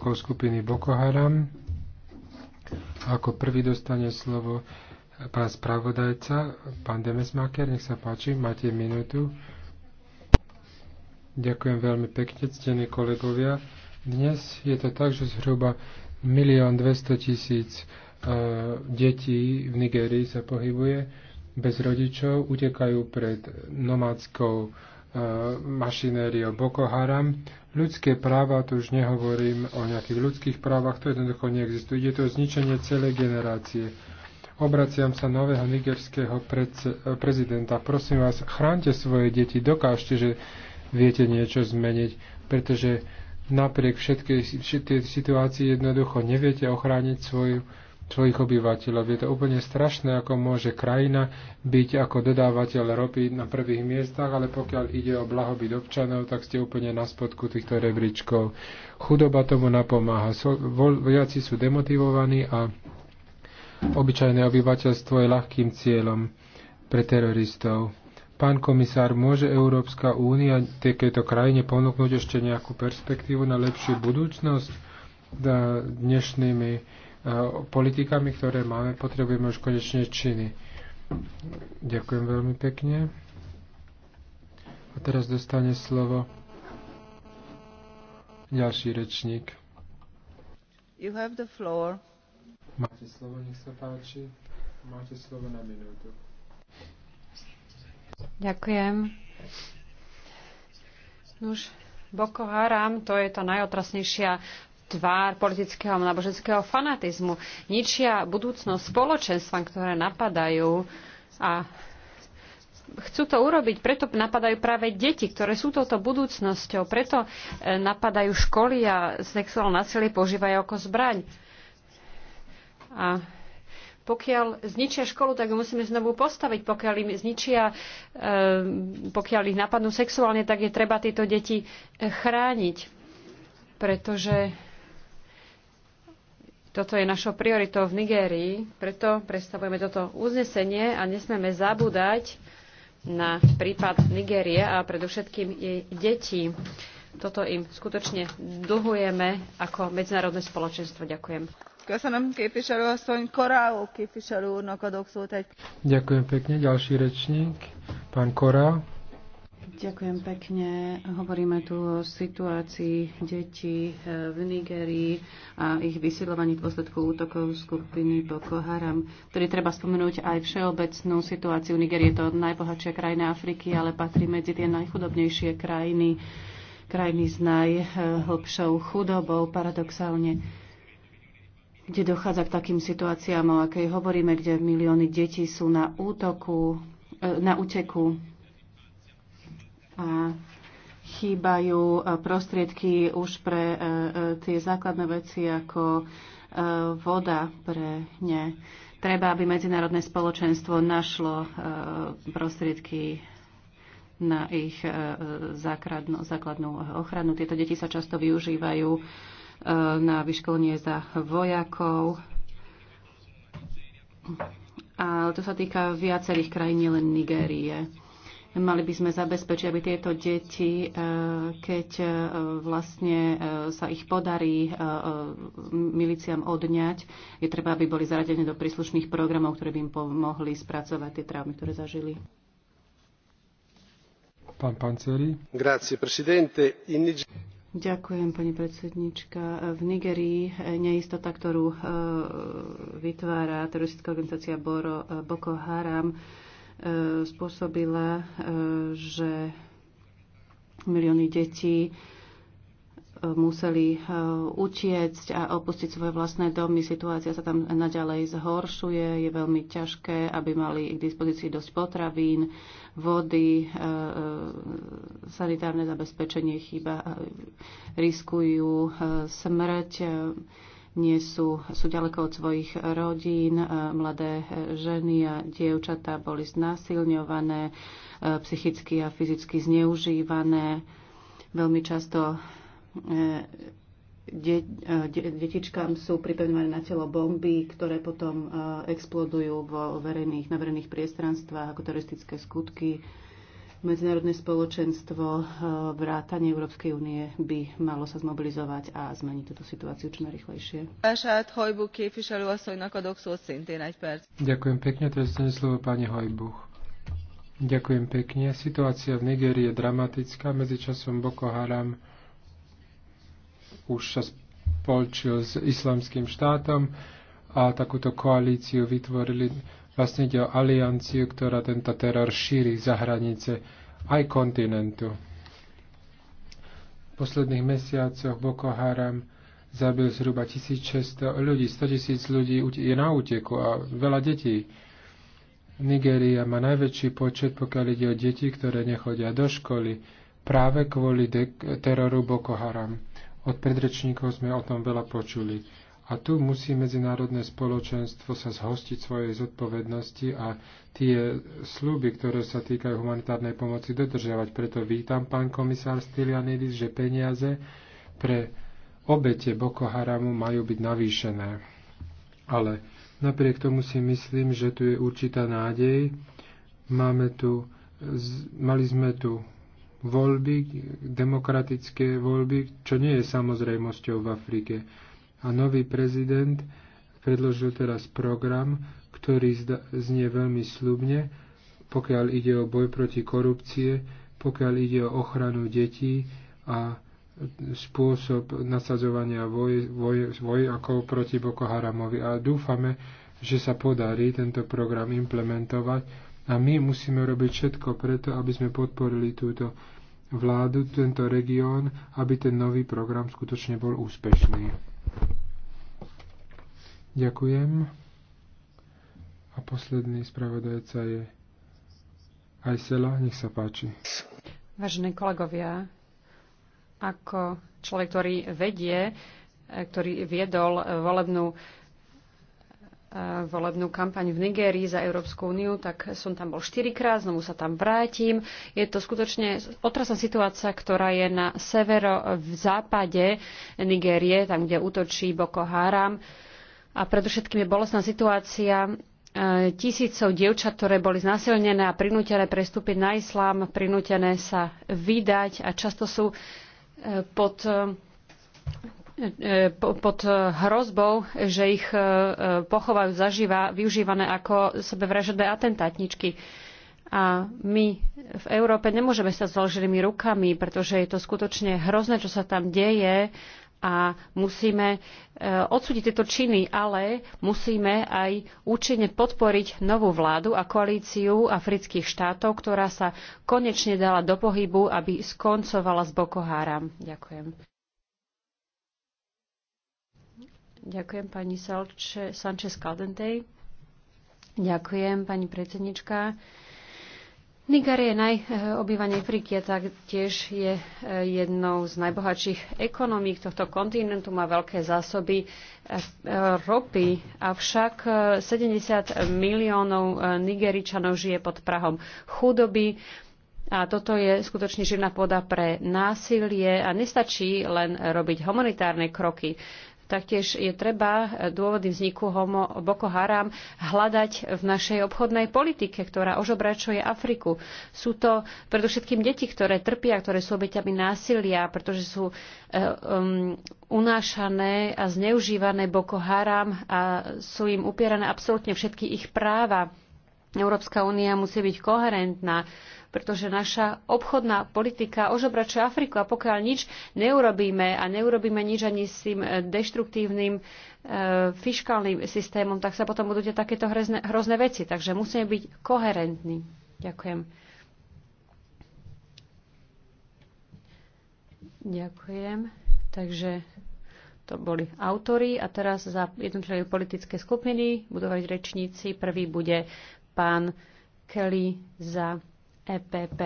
ako skupiny Boko Haram. Ako prvý dostane slovo pán spravodajca, pán Demesmaker, nech sa páči, máte minútu. Ďakujem veľmi pekne, ctení kolegovia. Dnes je to tak, že zhruba 1 200 tisíc e, detí v Nigérii sa pohybuje bez rodičov, utekajú pred nomádskou mašinériou Boko Haram. Ľudské práva, tu už nehovorím o nejakých ľudských právach, to jednoducho neexistuje. Ide to zničenie celej generácie. Obraciam sa nového nigerského prezidenta. Prosím vás, chránte svoje deti, dokážte, že viete niečo zmeniť, pretože napriek všetkej situácii jednoducho neviete ochrániť svoju svojich obyvateľov. Je to úplne strašné, ako môže krajina byť ako dodávateľ ropy na prvých miestach, ale pokiaľ ide o blahobyt občanov, tak ste úplne na spodku týchto rebríčkov. Chudoba tomu napomáha. vojaci sú demotivovaní a obyčajné obyvateľstvo je ľahkým cieľom pre teroristov. Pán komisár, môže Európska únia takéto krajine ponúknuť ešte nejakú perspektívu na lepšiu budúcnosť dnešnými Eh, politikami, ktoré máme, potrebujeme už konečne činy. Ďakujem veľmi pekne. A teraz dostane slovo ďalší rečník. You have the floor. Máte slovo, nech sa páči. Máte slovo na minútu. Ďakujem. Nuž, Boko Haram, to je tá najotrasnejšia tvár politického a náboženského fanatizmu. Ničia budúcnosť spoločenstva, ktoré napadajú a chcú to urobiť, preto napadajú práve deti, ktoré sú touto budúcnosťou, preto e, napadajú školy a sexuálne násilie používajú ako zbraň. A pokiaľ zničia školu, tak ju musíme znovu postaviť. Pokiaľ im zničia, e, pokiaľ ich napadnú sexuálne, tak je treba tieto deti e, chrániť. Pretože toto je našou prioritou v Nigérii, preto predstavujeme toto uznesenie a nesmeme zabúdať na prípad Nigérie a predovšetkým jej detí. Toto im skutočne dlhujeme ako medzinárodné spoločenstvo. Ďakujem. Ďakujem pekne. Ďalší rečník, pán Korál. Ďakujem pekne. Hovoríme tu o situácii detí eh, v Nigerii a ich vysilovaní v dôsledku útokov skupiny Boko Haram. ktorý treba spomenúť aj všeobecnú situáciu. Nigerie je to najbohatšia krajina Afriky, ale patrí medzi tie najchudobnejšie krajiny, krajiny s najhlbšou chudobou, paradoxálne kde dochádza k takým situáciám, o akej hovoríme, kde milióny detí sú na útoku, eh, na úteku a chýbajú e, prostriedky už pre e, e, tie základné veci ako voda pre ne. Treba, aby medzinárodné spoločenstvo našlo prostriedky na ich základnú, základnú ochranu. Tieto deti sa často využívajú na vyškolenie za vojakov. A to sa týka viacerých krajín, nielen Nigérie. Mali by sme zabezpečiť, aby tieto deti, e, keď e, vlastne e, sa ich podarí miliciam odňať, je treba, aby boli zaradené do príslušných programov, ktoré by im pomohli spracovať tie traumy, ktoré zažili. Pán Panceri. Grazie, presidente. In... Ďakujem, pani predsednička. V Nigerii neistota, ktorú vytvára teroristická organizácia Boro, Boko Haram, spôsobila, e, že milióny detí e, museli e, utiecť a opustiť svoje vlastné domy. Situácia sa tam naďalej zhoršuje. Je veľmi ťažké, aby mali k dispozícii dosť potravín, vody, sanitárne zabezpečenie chýba, riskujú smrť nie sú, sú ďaleko od svojich rodín. E, mladé e, ženy a dievčatá boli znásilňované, e, psychicky a fyzicky zneužívané. Veľmi často de, de, detičkám sú pripevňované na telo bomby, ktoré potom explodujú vo verejných, na verejných priestranstvách ako teroristické skutky medzinárodné spoločenstvo eh, vrátanie Európskej únie by malo sa zmobilizovať a zmeniť túto situáciu čo najrychlejšie. Ďakujem pekne, teraz slovo pani Hojbuch. Ďakujem pekne. Situácia v Nigerii je dramatická. Medzičasom Boko Haram už sa spolčil s islamským štátom a takúto koalíciu vytvorili Vlastne ide o alianciu, ktorá tento teror šíri za hranice aj kontinentu. V posledných mesiacoch Boko Haram zabil zhruba 1600 ľudí, 100 tisíc ľudí je na úteku a veľa detí. Nigéria má najväčší počet, pokiaľ ide o deti, ktoré nechodia do školy, práve kvôli teroru Boko Haram. Od predrečníkov sme o tom veľa počuli. A tu musí medzinárodné spoločenstvo sa zhostiť svojej zodpovednosti a tie sluby, ktoré sa týkajú humanitárnej pomoci, dodržiavať. Preto vítam, pán komisár Stylianidis, že peniaze pre obete Boko Haramu majú byť navýšené. Ale napriek tomu si myslím, že tu je určitá nádej. Máme tu, mali sme tu voľby, demokratické voľby, čo nie je samozrejmosťou v Afrike a nový prezident predložil teraz program, ktorý znie veľmi slubne, pokiaľ ide o boj proti korupcie, pokiaľ ide o ochranu detí a spôsob nasadzovania voj, voj, proti Boko Haramovi. A dúfame, že sa podarí tento program implementovať a my musíme robiť všetko preto, aby sme podporili túto vládu, tento región, aby ten nový program skutočne bol úspešný. Ďakujem. A posledný spravodajca je Ajsela. Nech sa páči. Vážení kolegovia, ako človek, ktorý vedie, ktorý viedol volebnú volebnú kampaň v Nigérii za Európsku úniu, tak som tam bol štyrikrát, znovu sa tam vrátim. Je to skutočne otrasná situácia, ktorá je na severo v západe Nigérie, tam, kde útočí Boko Haram. A predovšetkým je bolestná situácia e, tisícov dievčat, ktoré boli znasilnené a prinútené prestúpiť na islám, prinútené sa vydať a často sú e, pod E, pod hrozbou, že ich e, pochovajú zaživa, využívané ako sebevražedné atentátničky. A my v Európe nemôžeme sa zložilými rukami, pretože je to skutočne hrozné, čo sa tam deje a musíme e, odsúdiť tieto činy, ale musíme aj účinne podporiť novú vládu a koalíciu afrických štátov, ktorá sa konečne dala do pohybu, aby skoncovala s Boko Haram. Ďakujem. Ďakujem pani Sanchez Caldentej. Ďakujem pani predsednička. Nigar je najobývanej Afriky a taktiež je e, jednou z najbohatších ekonomík tohto kontinentu, má veľké zásoby e, ropy, avšak 70 e, miliónov Nigeričanov žije pod Prahom chudoby. A toto je skutočne živná pôda pre násilie a nestačí len robiť humanitárne kroky. Taktiež je treba e, dôvody vzniku homo Boko Haram hľadať v našej obchodnej politike, ktorá ožobračuje Afriku. Sú to predovšetkým deti, ktoré trpia, ktoré sú obeťami násilia, pretože sú e, um, unášané a zneužívané Boko Haram a sú im upierané absolútne všetky ich práva. Európska únia musí byť koherentná pretože naša obchodná politika ožobračuje Afriku a pokiaľ nič neurobíme a neurobíme nič ani s tým eh, deštruktívnym e, fiskálnym systémom, tak sa potom budú tie takéto hrozné, hrozné veci. Takže musíme byť koherentní. Ďakujem. Ďakujem. Takže to boli autory a teraz za jednotlivé politické skupiny budú rečníci. Prvý bude pán Kelly za EPP.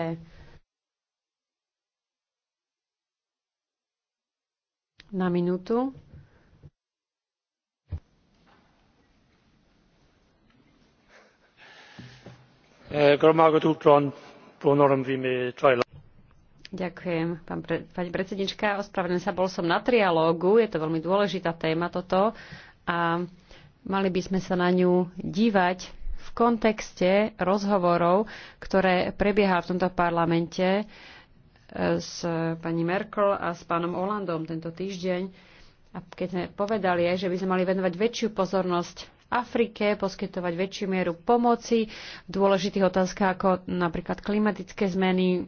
Na minútu. E, Ďakujem, pán pre, pani predsednička. Ospravedlňujem sa, bol som na trialógu. Je to veľmi dôležitá téma toto a mali by sme sa na ňu dívať kontexte rozhovorov, ktoré prebiehali v tomto parlamente e, s pani Merkel a s pánom Olandom tento týždeň. A keď sme povedali, že by sme mali venovať väčšiu pozornosť Afrike, poskytovať väčšiu mieru pomoci v dôležitých otázkach ako napríklad klimatické zmeny,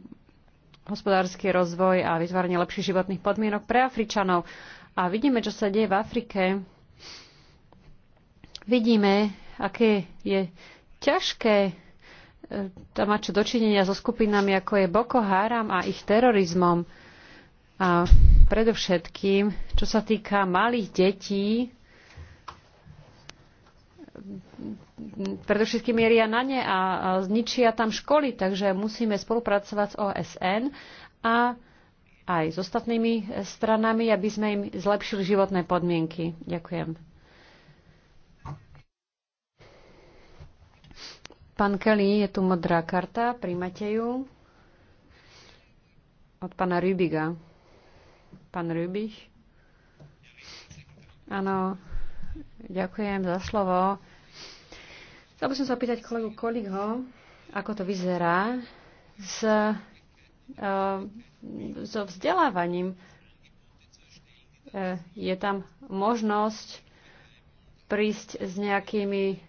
hospodársky rozvoj a vytváranie lepších životných podmienok pre Afričanov. A vidíme, čo sa deje v Afrike. Vidíme, aké je ťažké e, tam mať čo dočinenia so skupinami, ako je Boko Haram a ich terorizmom. A predovšetkým, čo sa týka malých detí, predovšetkým mieria na ne a zničia tam školy, takže musíme spolupracovať s OSN a aj s ostatnými stranami, aby sme im zlepšili životné podmienky. Ďakujem. Pán Kelly, je tu modrá karta, príjmate ju. Od pána Rubiga. Pán Rubich. Áno, ďakujem za slovo. Chcel by som sa opýtať kolegu Koligho, ako to vyzerá s, eh, so vzdelávaním. Eh, je tam možnosť prísť s nejakými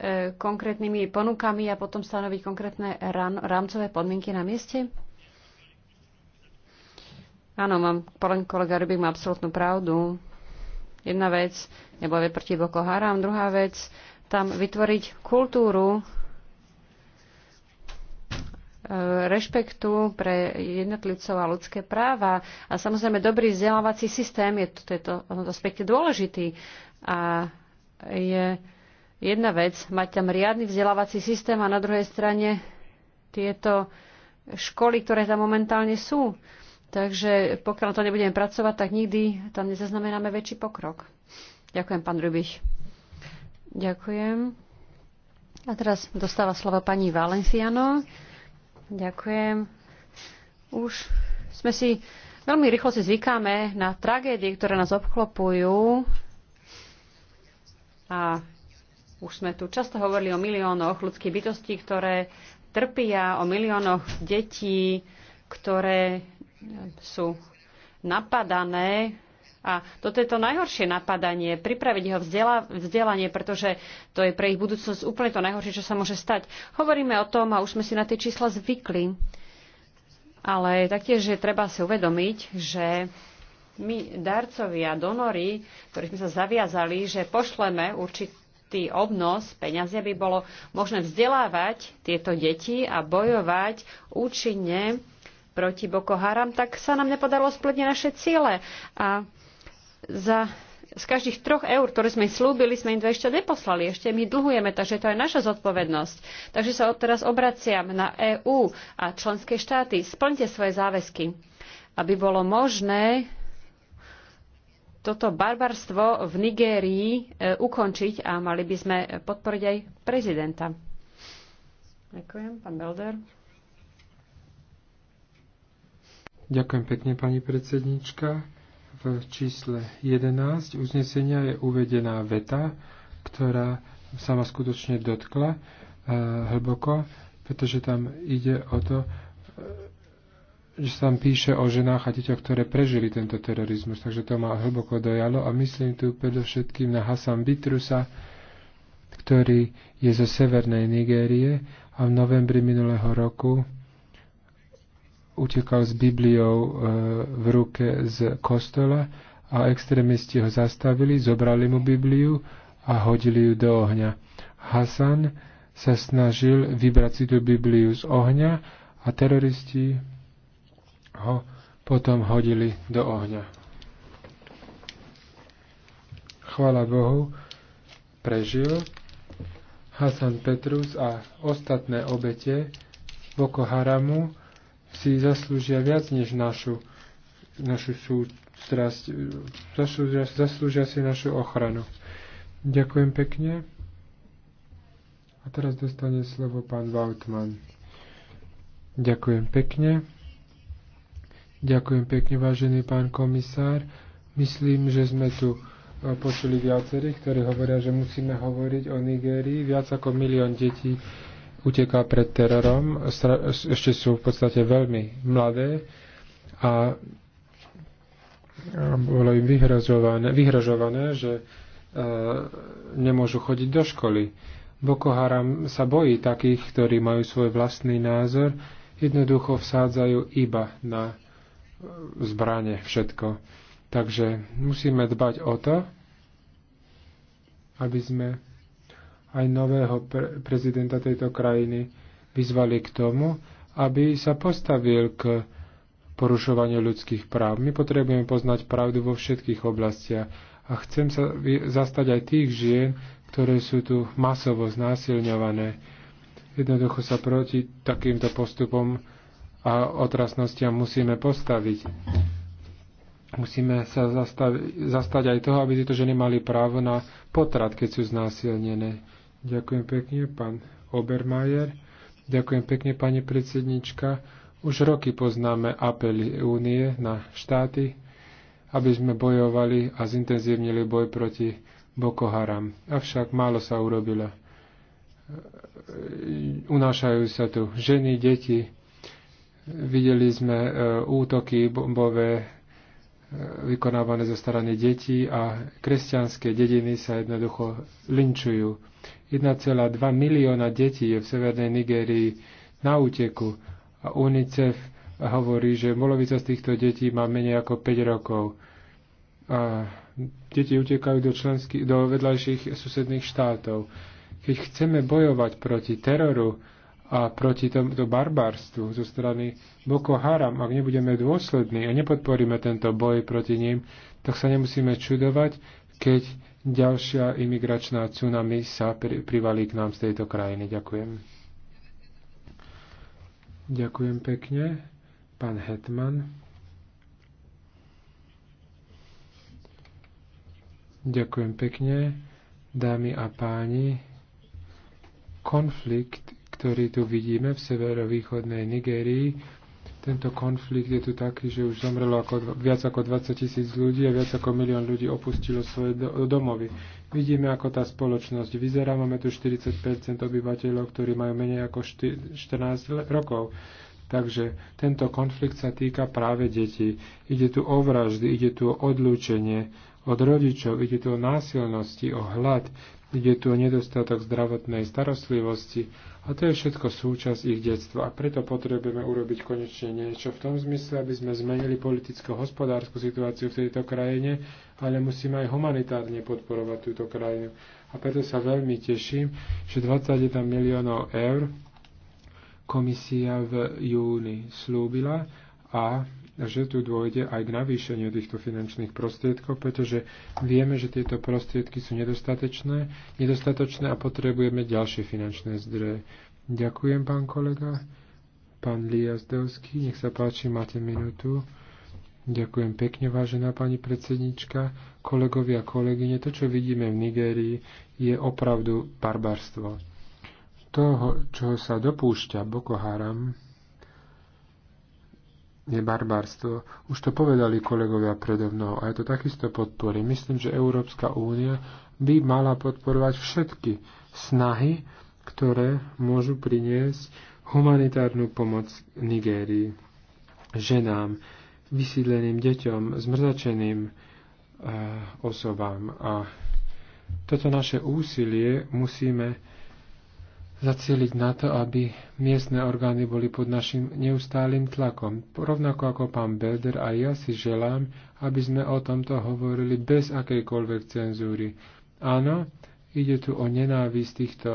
E, konkrétnymi ponukami a potom stanoviť konkrétne rámcové podmienky na mieste? Áno, mám, pán kolega Rybík má absolútnu pravdu. Jedna vec, neboje proti Boko Haram. Druhá vec, tam vytvoriť kultúru e, rešpektu pre jednotlivcov a ľudské práva. A samozrejme, dobrý vzdelávací systém je v tomto aspekte dôležitý. A je jedna vec, mať tam riadny vzdelávací systém a na druhej strane tieto školy, ktoré tam momentálne sú. Takže pokiaľ to nebudeme pracovať, tak nikdy tam nezaznamenáme väčší pokrok. Ďakujem, pán Rubiš. Ďakujem. A teraz dostáva slovo pani Valenciano. Ďakujem. Už sme si veľmi rýchlo si zvykáme na tragédie, ktoré nás obklopujú. A už sme tu často hovorili o miliónoch ľudských bytostí, ktoré trpia, o miliónoch detí, ktoré sú napadané. A toto je to najhoršie napadanie, pripraviť jeho vzdela, vzdelanie, pretože to je pre ich budúcnosť úplne to najhoršie, čo sa môže stať. Hovoríme o tom a už sme si na tie čísla zvykli. Ale taktiež je treba si uvedomiť, že my, darcovia, donory, ktorí sme sa zaviazali, že pošleme určitú Tý obnos peňazí, aby bolo možné vzdelávať tieto deti a bojovať účinne proti Boko Haram, tak sa nám nepodarilo splniť naše ciele. A za z každých troch eur, ktoré sme im slúbili, sme im to ešte neposlali. Ešte my dlhujeme, takže to je naša zodpovednosť. Takže sa teraz obraciam na EÚ a členské štáty. Splňte svoje záväzky, aby bolo možné toto barbarstvo v Nigérii e, ukončiť a mali by sme podporiť aj prezidenta. Ďakujem, pán Belder. Ďakujem pekne, pani predsednička. V čísle 11 uznesenia je uvedená veta, ktorá sa ma skutočne dotkla e, hlboko, pretože tam ide o to, že sa tam píše o ženách a deťoch, ktoré prežili tento terorizmus, takže to ma hlboko dojalo a myslím tu predovšetkým na Hasan Bitrusa, ktorý je zo severnej Nigérie a v novembri minulého roku utekal s Bibliou e, v ruke z kostola a extrémisti ho zastavili, zobrali mu Bibliu a hodili ju do ohňa. Hasan sa snažil vybrať si tú Bibliu z ohňa a teroristi ho potom hodili do ohňa. Chvala Bohu, prežil. Hasan Petrus a ostatné obete Boko Haramu si zaslúžia viac než našu, našu sústrasť, zaslúžia, zaslúžia si našu ochranu. Ďakujem pekne. A teraz dostane slovo pán Vautman. Ďakujem pekne. Ďakujem pekne, vážený pán komisár. Myslím, že sme tu e, počuli viacerých, ktorí hovoria, že musíme hovoriť o Nigérii. Viac ako milión detí uteká pred terorom. Ešte sú v podstate veľmi mladé a e, bolo im vyhrožované, vyhrožované že e, nemôžu chodiť do školy. Boko Haram sa bojí takých, ktorí majú svoj vlastný názor, jednoducho vsádzajú iba na zbranie, všetko. Takže musíme dbať o to, aby sme aj nového pre- prezidenta tejto krajiny vyzvali k tomu, aby sa postavil k porušovaniu ľudských práv. My potrebujeme poznať pravdu vo všetkých oblastiach a chcem sa zastať aj tých žien, ktoré sú tu masovo znásilňované. Jednoducho sa proti takýmto postupom a otrasnostiam musíme postaviť. Musíme sa zastať aj toho, aby tieto ženy mali právo na potrat, keď sú znásilnené. Ďakujem pekne, pán Obermajer. Ďakujem pekne, pani predsednička. Už roky poznáme apely únie na štáty, aby sme bojovali a zintenzívnili boj proti Boko Haram. Avšak málo sa urobilo. Unášajú sa tu ženy, deti, Videli sme e, útoky bombové e, vykonávané zo strany detí a kresťanské dediny sa jednoducho linčujú. 1,2 milióna detí je v severnej Nigérii na úteku a UNICEF hovorí, že molovica z týchto detí má menej ako 5 rokov. A deti utekajú do, členských, do vedľajších susedných štátov. Keď chceme bojovať proti teroru, a proti tomuto barbárstvu zo strany Boko Haram, ak nebudeme dôslední a nepodporíme tento boj proti ním, tak sa nemusíme čudovať, keď ďalšia imigračná tsunami sa pri, privalí k nám z tejto krajiny. Ďakujem. Ďakujem pekne. Pán Hetman. Ďakujem pekne. Dámy a páni, konflikt ktorý tu vidíme v severovýchodnej Nigérii. Tento konflikt je tu taký, že už zomrelo ako, viac ako 20 tisíc ľudí a viac ako milión ľudí opustilo svoje domovy. Vidíme, ako tá spoločnosť vyzerá. Máme tu 40 obyvateľov, ktorí majú menej ako 14 rokov. Takže tento konflikt sa týka práve detí. Ide tu o vraždy, ide tu o odlúčenie od rodičov, ide tu o násilnosti, o hlad, Ide tu o nedostatok zdravotnej starostlivosti a to je všetko súčasť ich detstva. A preto potrebujeme urobiť konečne niečo v tom zmysle, aby sme zmenili politicko-hospodárskú situáciu v tejto krajine, ale musíme aj humanitárne podporovať túto krajinu. A preto sa veľmi teším, že 21 miliónov eur komisia v júni slúbila a že tu dôjde aj k navýšeniu týchto finančných prostriedkov, pretože vieme, že tieto prostriedky sú nedostatečné, nedostatočné a potrebujeme ďalšie finančné zdroje. Ďakujem, pán kolega. Pán Liazdovský, nech sa páči, máte minútu. Ďakujem pekne, vážená pani predsednička, kolegovia a kolegyne. To, čo vidíme v Nigérii, je opravdu barbarstvo. Toho, čo sa dopúšťa Boko Haram, je barbarstvo. Už to povedali kolegovia predo mnou a ja to takisto podporím. Myslím, že Európska únia by mala podporovať všetky snahy, ktoré môžu priniesť humanitárnu pomoc Nigérii. Ženám, vysídleným deťom, zmrzačeným e, osobám. A toto naše úsilie musíme zacieliť na to, aby miestne orgány boli pod našim neustálým tlakom. Rovnako ako pán Belder a ja si želám, aby sme o tomto hovorili bez akejkoľvek cenzúry. Áno, ide tu o nenávisť týchto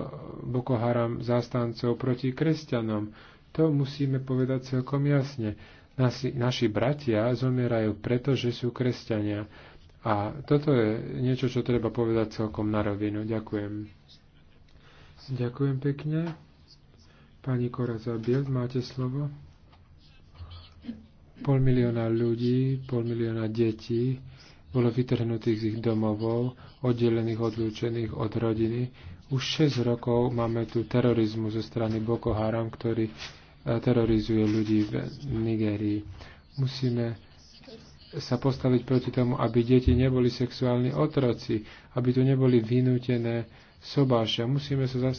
Boko Haram zástancov proti kresťanom. To musíme povedať celkom jasne. Nasi, naši bratia zomierajú preto, že sú kresťania. A toto je niečo, čo treba povedať celkom na rovinu. Ďakujem. Ďakujem pekne. Pani Koraza Zabiel, máte slovo. Pol milióna ľudí, pol milióna detí bolo vytrhnutých z ich domovov, oddelených, odlúčených od rodiny. Už 6 rokov máme tu terorizmu zo strany Boko Haram, ktorý e, terorizuje ľudí v Nigerii. Musíme sa postaviť proti tomu, aby deti neboli sexuálni otroci, aby tu neboli vynútené sobášia. Musíme sa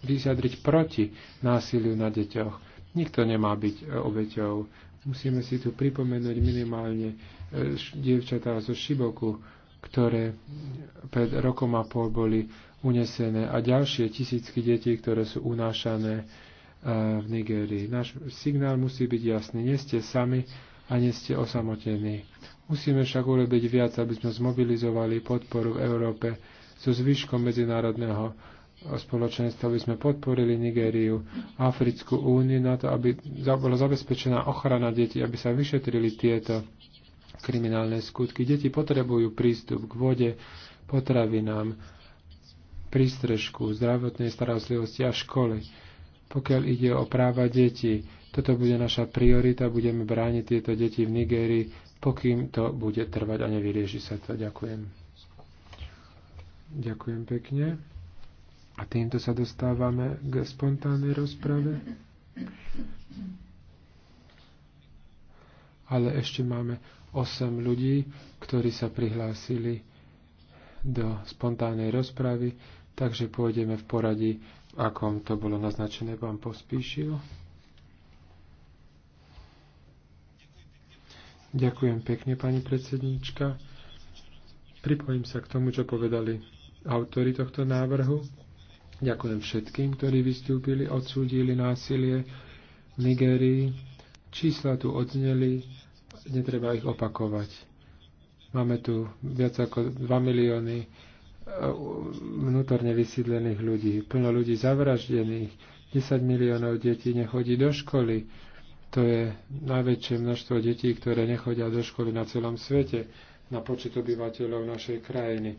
vysiadriť proti násiliu na deťoch. Nikto nemá byť e, obeťou. Musíme si tu pripomenúť minimálne e, dievčatá zo Šiboku, ktoré pred rokom a pol boli unesené a ďalšie tisícky detí, ktoré sú unášané e, v Nigérii. Náš signál musí byť jasný. Nie ste sami a nie ste osamotení. Musíme však urobiť viac, aby sme zmobilizovali podporu v Európe so zvyškom medzinárodného spoločenstva, aby sme podporili Nigériu, Africkú úniu na to, aby bola zabezpečená ochrana detí, aby sa vyšetrili tieto kriminálne skutky. Deti potrebujú prístup k vode, potravinám, prístrežku, zdravotnej starostlivosti a školy. Pokiaľ ide o práva detí, toto bude naša priorita, budeme brániť tieto deti v Nigérii, pokým to bude trvať a nevyrieši sa to. Ďakujem. Ďakujem pekne. A týmto sa dostávame k spontánnej rozprave. Ale ešte máme 8 ľudí, ktorí sa prihlásili do spontánnej rozpravy, takže pôjdeme v poradí, akom to bolo naznačené, vám pospíšil. Ďakujem pekne, pani predsednička. Pripojím sa k tomu, čo povedali autory tohto návrhu. Ďakujem všetkým, ktorí vystúpili, odsúdili násilie v Nigérii. Čísla tu odzneli, netreba ich opakovať. Máme tu viac ako 2 milióny e, vnútorne vysídlených ľudí, plno ľudí zavraždených, 10 miliónov detí nechodí do školy. To je najväčšie množstvo detí, ktoré nechodia do školy na celom svete, na počet obyvateľov našej krajiny.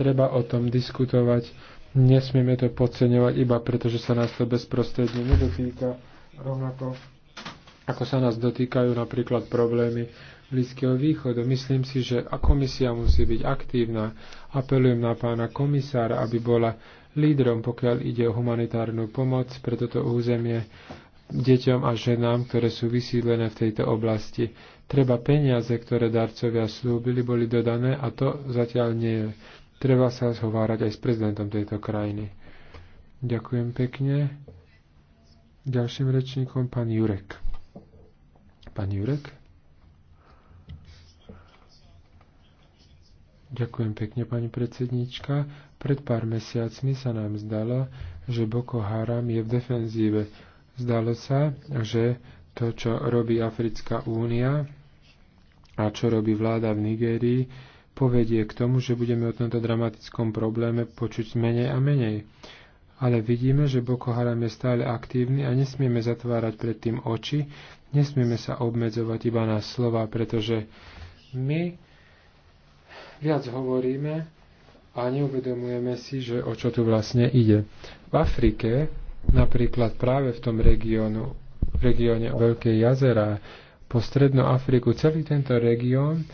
Treba o tom diskutovať. Nesmieme to podceňovať iba preto, že sa nás to bezprostredne nedotýka. Rovnako ako sa nás dotýkajú napríklad problémy Blízkeho východu. Myslím si, že a komisia musí byť aktívna. Apelujem na pána komisára, aby bola lídrom, pokiaľ ide o humanitárnu pomoc pre toto územie deťom a ženám, ktoré sú vysídlené v tejto oblasti. Treba peniaze, ktoré darcovia slúbili, boli dodané a to zatiaľ nie je. Treba sa zhovárať aj s prezidentom tejto krajiny. Ďakujem pekne. Ďalším rečníkom pán Jurek. Pán Jurek? Ďakujem pekne, pani predsednička. Pred pár mesiacmi sa nám zdalo, že Boko Haram je v defenzíve. Zdalo sa, že to, čo robí Africká únia a čo robí vláda v Nigérii, povedie k tomu, že budeme o tomto dramatickom probléme počuť menej a menej. Ale vidíme, že Boko Haram je stále aktívny a nesmieme zatvárať predtým oči, nesmieme sa obmedzovať iba na slova, pretože my viac hovoríme a neuvedomujeme si, že o čo tu vlastne ide. V Afrike, napríklad práve v tom regiónu, v regióne Veľkej jazera, po Strednú Afriku, celý tento región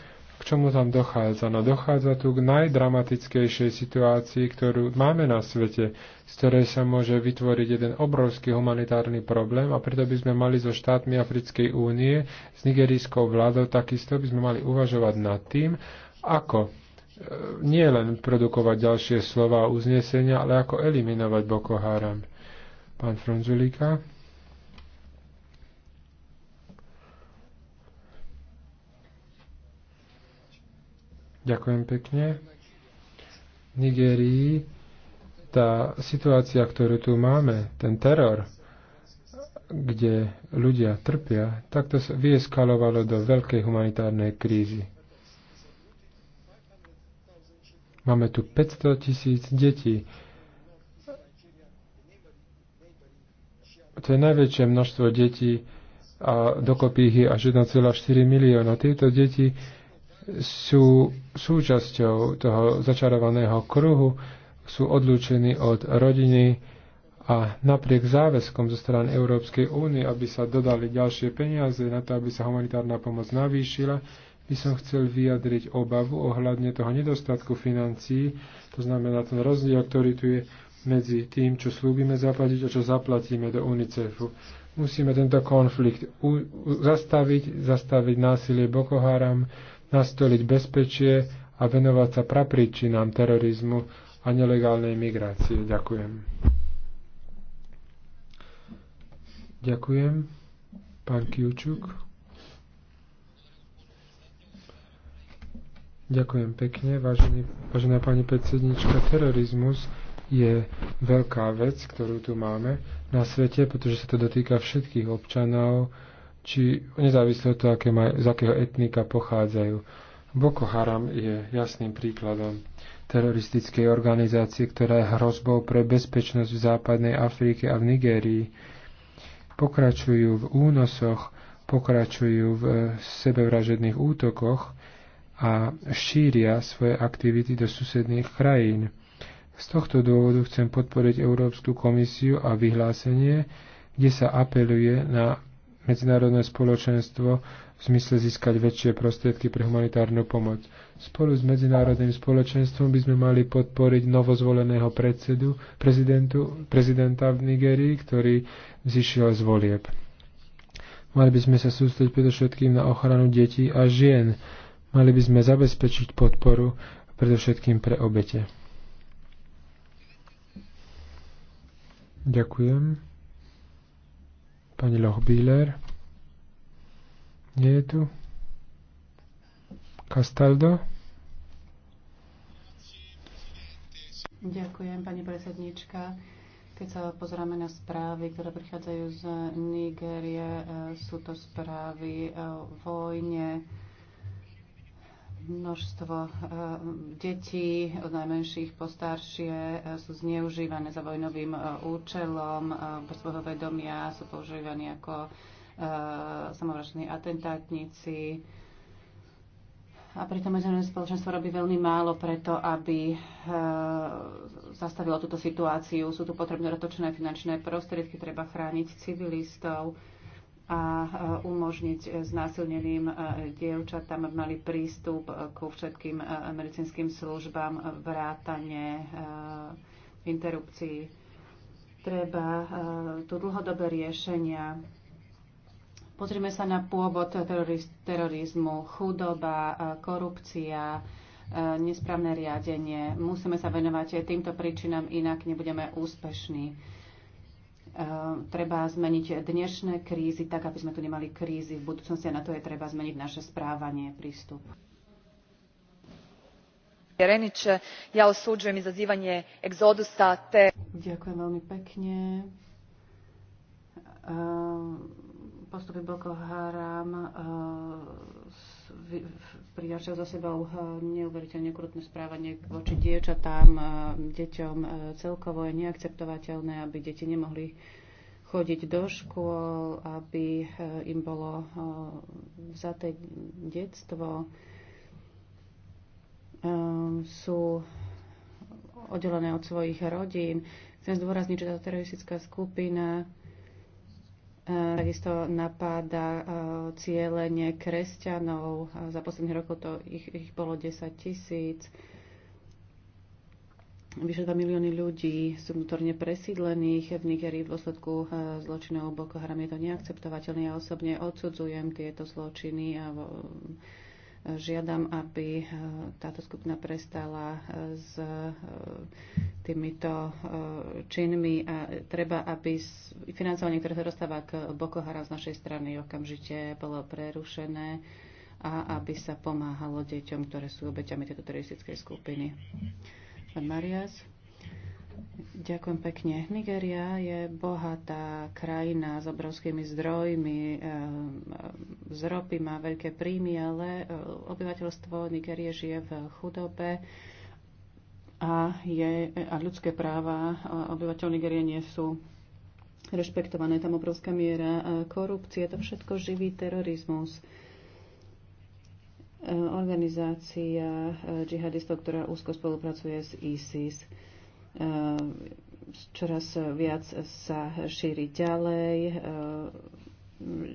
čomu tam dochádza? No dochádza tu k najdramatickejšej situácii, ktorú máme na svete, z ktorej sa môže vytvoriť jeden obrovský humanitárny problém a preto by sme mali so štátmi Africkej únie, s nigerijskou vládou takisto by sme mali uvažovať nad tým, ako e, nie len produkovať ďalšie slova a uznesenia, ale ako eliminovať Boko Haram. Pán Frunzulíka. Ďakujem pekne. V Nigerii tá situácia, ktorú tu máme, ten teror, kde ľudia trpia, tak to vyeskalovalo do veľkej humanitárnej krízy. Máme tu 500 tisíc detí. To je najväčšie množstvo detí a dokopy ich je až 1,4 milióna. Tieto deti sú súčasťou toho začarovaného kruhu, sú odlúčení od rodiny a napriek záväzkom zo strany Európskej únie, aby sa dodali ďalšie peniaze na to, aby sa humanitárna pomoc navýšila, by som chcel vyjadriť obavu ohľadne toho nedostatku financií, to znamená ten rozdiel, ktorý tu je medzi tým, čo slúbime zaplatiť a čo zaplatíme do UNICEFu. Musíme tento konflikt zastaviť, zastaviť násilie Boko Haram, nastoliť bezpečie a venovať sa prapríčinám terorizmu a nelegálnej migrácie. Ďakujem. Ďakujem. Pán Kiučuk. Ďakujem pekne, vážený, vážená pani predsednička. Terorizmus je veľká vec, ktorú tu máme na svete, pretože sa to dotýka všetkých občanov, či nezávisle od toho, aké maj, z akého etnika pochádzajú. Boko Haram je jasným príkladom teroristickej organizácie, ktorá je hrozbou pre bezpečnosť v západnej Afrike a v Nigérii. Pokračujú v únosoch, pokračujú v sebevražedných útokoch a šíria svoje aktivity do susedných krajín. Z tohto dôvodu chcem podporiť Európsku komisiu a vyhlásenie, kde sa apeluje na medzinárodné spoločenstvo v zmysle získať väčšie prostriedky pre humanitárnu pomoc. Spolu s medzinárodným spoločenstvom by sme mali podporiť novozvoleného predsedu, prezidentu, prezidenta v Nigerii, ktorý zišiel z volieb. Mali by sme sa sústrediť predovšetkým na ochranu detí a žien. Mali by sme zabezpečiť podporu predovšetkým pre obete. Ďakujem. Pani Lochbíler. Nie je tu. Castaldo. Ďakujem, pani predsednička. Keď sa pozeráme na správy, ktoré prichádzajú z Nigérie, e, sú to správy o vojne, Množstvo e, detí od najmenších po staršie e, sú zneužívané za vojnovým e, účelom, bez svojho vedomia sú používaní ako samovražní atentátnici. A preto medzinárodné spoločenstvo robí veľmi málo preto, aby zastavilo túto situáciu. Sú tu potrebné dotočné finančné prostriedky, treba chrániť civilistov a e, umožniť e, znásilneným e, dievčatám, aby mali prístup ku všetkým medicínskym službám, vrátane interrupcií. Treba tu dlhodobé riešenia. Pozrieme sa na pôvod terorizmu, chudoba, korupcia, nesprávne riadenie. Musíme sa venovať týmto príčinám, inak nebudeme úspešní Eh, treba zmeniť dnešné krízy tak, aby sme tu nemali krízy v budúcnosti a na to je treba zmeniť naše správanie, prístup. ja te... Ďakujem veľmi pekne. Eh, postupy Boko Haram eh, prináša za sebou eh, neuveriteľne krutné správanie voči diečatám, eh, deťom eh, celkovo je neakceptovateľné, aby deti nemohli chodiť do škôl, aby im bolo vzaté detstvo. Ehm, sú oddelené od svojich rodín. Chcem zdôrazniť, že tá teroristická skupina E, takisto napáda e, cieľenie kresťanov. E, za posledných rokov to ich, ich bolo 10 tisíc. Vyše 2 milióny ľudí sú vnútorne presídlených v Nigerii v dôsledku zločinov Boko Haram. Je to neakceptovateľné. Ja osobne odsudzujem tieto zločiny a Žiadam, aby e, táto skupina prestala e, s e, týmito činmi a treba, aby financovanie, ktoré sa dostáva k Boko Haram z našej strany, okamžite bolo prerušené a aby sa pomáhalo deťom, ktoré sú obeťami tejto teroristickej skupiny. Pán Marias. Ďakujem pekne. Nigeria je bohatá krajina s obrovskými zdrojmi. Eh, z ropy má veľké príjmy, ale eh, obyvateľstvo Nigerie žije v chudobe a, je, a ľudské práva eh, obyvateľov Nigerie nie sú rešpektované. Tam obrovská miera korupcie, to všetko živý terorizmus organizácia džihadistov, ktorá úzko spolupracuje s ISIS. Ehm, čoraz viac sa šíri ďalej, ehm,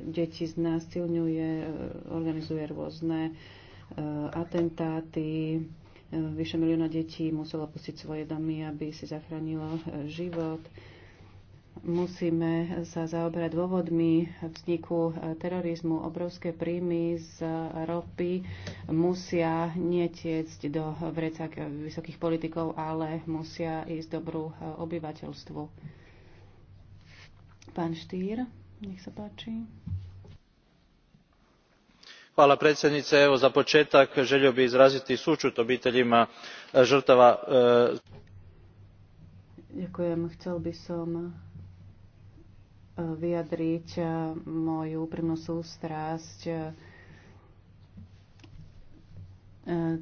deti znásilňuje, ehm, organizuje rôzne atentáty, vyše milióna detí muselo pustiť svoje domy, aby si zachránilo život musíme sa zaoberať dôvodmi vzniku terorizmu. Obrovské príjmy z ropy musia netiecť do vreca vysokých politikov, ale musia ísť dobrú obyvateľstvu. Pán Štýr, nech sa páči. Hvala predsjednice. Evo za početak želio bi izraziti sučut obiteljima e, žrtava. E, Ďakujem. Chcel by som vyjadriť e, moju úprimnú sústrasť e,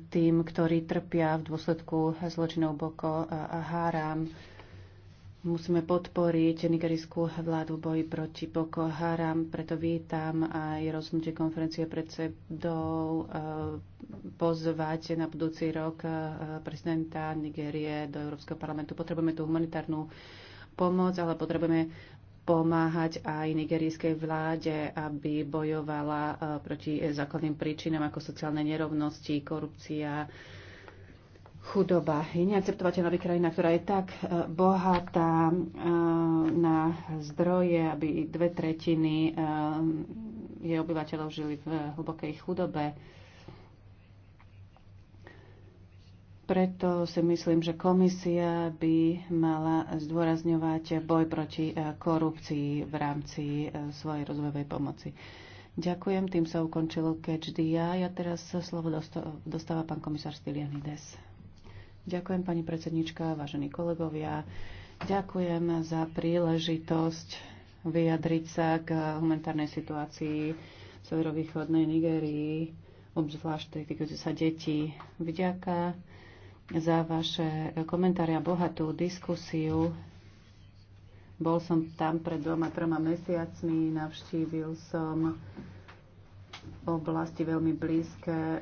tým, ktorí trpia v dôsledku zločinov Boko a Haram. Musíme podporiť nigerijskú vládu v boji proti Boko Haram, preto vítam aj rozhodnutie konferencie predsedov e, pozvať na budúci rok prezidenta Nigérie do Európskeho parlamentu. Potrebujeme tú humanitárnu pomoc, ale potrebujeme pomáhať aj nigerijskej vláde, aby bojovala e, proti základným príčinám ako sociálne nerovnosti, korupcia, chudoba. Je neakceptovateľná, krajina, ktorá je tak e, bohatá e, na zdroje, aby dve tretiny jej obyvateľov žili v hlbokej chudobe, Preto si myslím, že komisia by mala zdôrazňovať boj proti e, korupcii v rámci e, svojej rozvojovej pomoci. Ďakujem, tým sa ukončilo Catch DI. Ja teraz slovo dostáva pán komisár Stylianides. Ďakujem, pani predsednička, vážení kolegovia. Ďakujem za príležitosť vyjadriť sa k humanitárnej situácii v severovýchodnej Nigérii, obzvlášť týkajúce sa detí. Vďaka za vaše komentáre a bohatú diskusiu. Bol som tam pred dvoma, troma mesiacmi, navštívil som oblasti veľmi blízke e, e,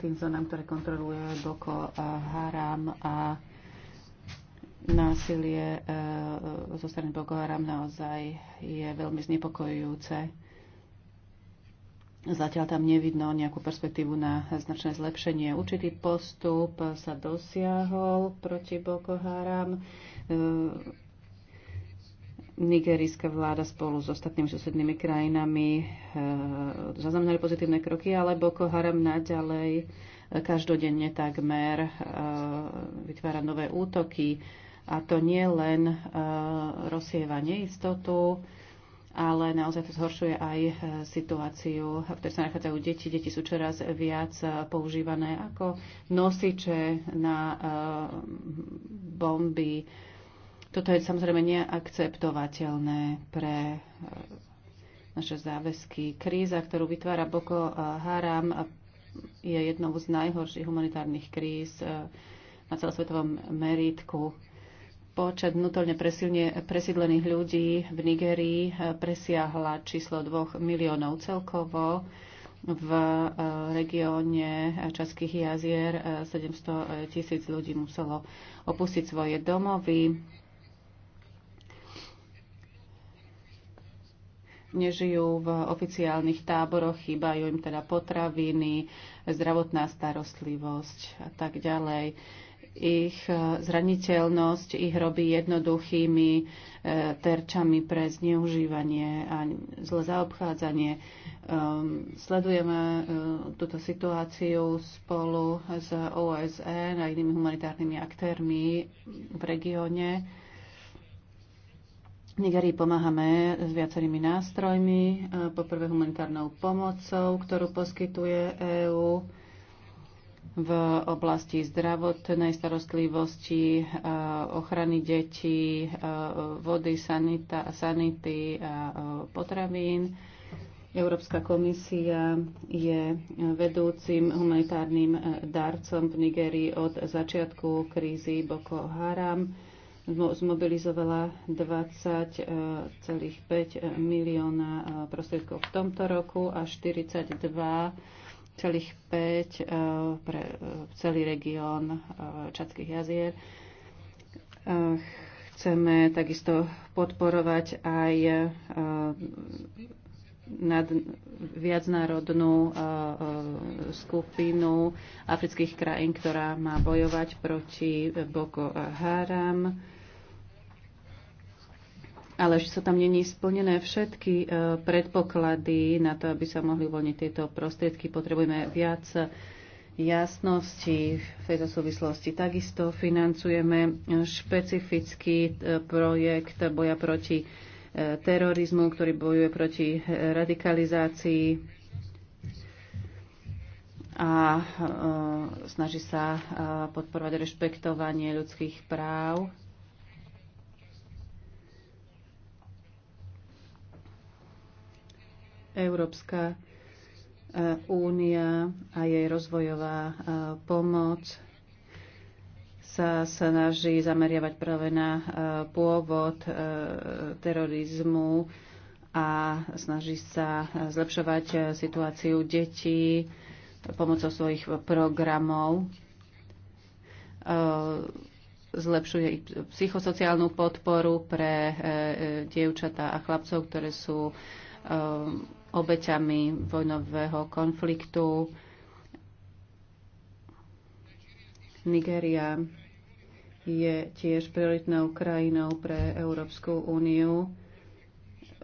tým zónam, ktoré kontroluje Boko Haram a násilie e, zo strany Boko Haram naozaj je veľmi znepokojujúce. Zatiaľ tam nevidno nejakú perspektívu na značné zlepšenie. Určitý postup sa dosiahol proti Boko Haram. E, nigerijská vláda spolu s ostatnými susednými krajinami e, zaznamenali pozitívne kroky, ale Boko Haram naďalej e, každodenne takmer vytvára nové útoky. A to nie len rozsieva neistotu, ale naozaj to zhoršuje aj e, situáciu, v ktorej sa nachádzajú deti. Deti sú čoraz viac e, používané ako nosiče na e, bomby. Toto je samozrejme neakceptovateľné pre naše záväzky. Kríza, ktorú vytvára Boko Haram, je jednou z najhorších humanitárnych kríz na celosvetovom meritku. Počet vnútorne presídlených ľudí v Nigerii eh, presiahla číslo 2 miliónov celkovo v eh, regióne eh, Českých jazier 700 tisíc ľudí muselo opustiť svoje domovy. Nežijú v oficiálnych táboroch, chýbajú im teda potraviny, zdravotná starostlivosť a tak ďalej ich e, zraniteľnosť ich robí jednoduchými e, terčami pre zneužívanie a zle zaobchádzanie. Ehm, sledujeme e, túto situáciu spolu s OSN a inými humanitárnymi aktérmi v regióne. Nigerii pomáhame s viacerými nástrojmi, poprvé humanitárnou pomocou, ktorú poskytuje EÚ v oblasti zdravotnej starostlivosti, e, ochrany detí, e, vody, sanita, sanity a e, potravín. Európska komisia je vedúcim humanitárnym darcom v Nigerii od začiatku krízy Boko Haram. Zmobilizovala 20,5 milióna prostriedkov v tomto roku a 42 celých 5 eh, pre eh, celý región eh, Čadských jazier. Chceme takisto podporovať aj nad viacnárodnú skupinu afrických krajín, ktorá má bojovať proti Boko Haram ale ešte sa tam není splnené všetky e, predpoklady na to, aby sa mohli uvoľniť tieto prostriedky. Potrebujeme viac e, jasnosti v tejto súvislosti. Takisto financujeme e, špecifický projekt boja proti terorizmu, ktorý bojuje proti radikalizácii a snaží sa podporovať rešpektovanie ľudských práv Európska e, únia a jej rozvojová e, pomoc sa snaží zameriavať práve na e, pôvod terorizmu a snaží sa zlepšovať situáciu detí pomocou svojich programov. Zlepšuje ich psychosociálnu podporu pre dievčatá a chlapcov, ktoré sú obeťami vojnového konfliktu. Nigéria je tiež prioritnou krajinou pre Európsku úniu,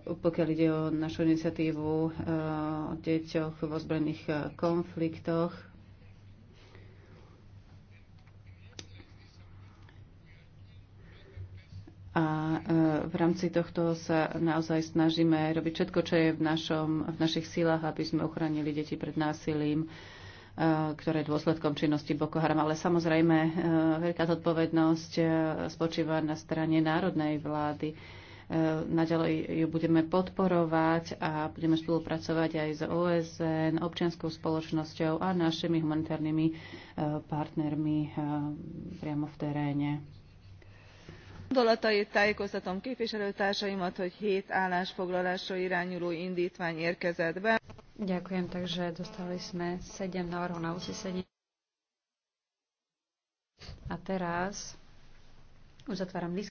pokiaľ ide o našu iniciatívu eh, o deťoch v ozbrojených eh, konfliktoch a e, v rámci tohto sa naozaj snažíme robiť všetko, čo je v, našom, v našich silách, aby sme ochránili deti pred násilím, e, ktoré je dôsledkom činnosti Boko Haram. Ale samozrejme, e, veľká zodpovednosť spočíva na strane národnej vlády. Naďalej ju budeme podporovať a budeme spolupracovať aj s OSN, občianskou spoločnosťou a našimi humanitárnymi partnermi priamo v teréne gondolatait tájékoztatom képviselőtársaimat hogy hét állásfoglalásra irányuló indtvány érkezett be. Ďakujem, takže dostali sme 7 návrhov na uznesenie. A teraz uzatváram list.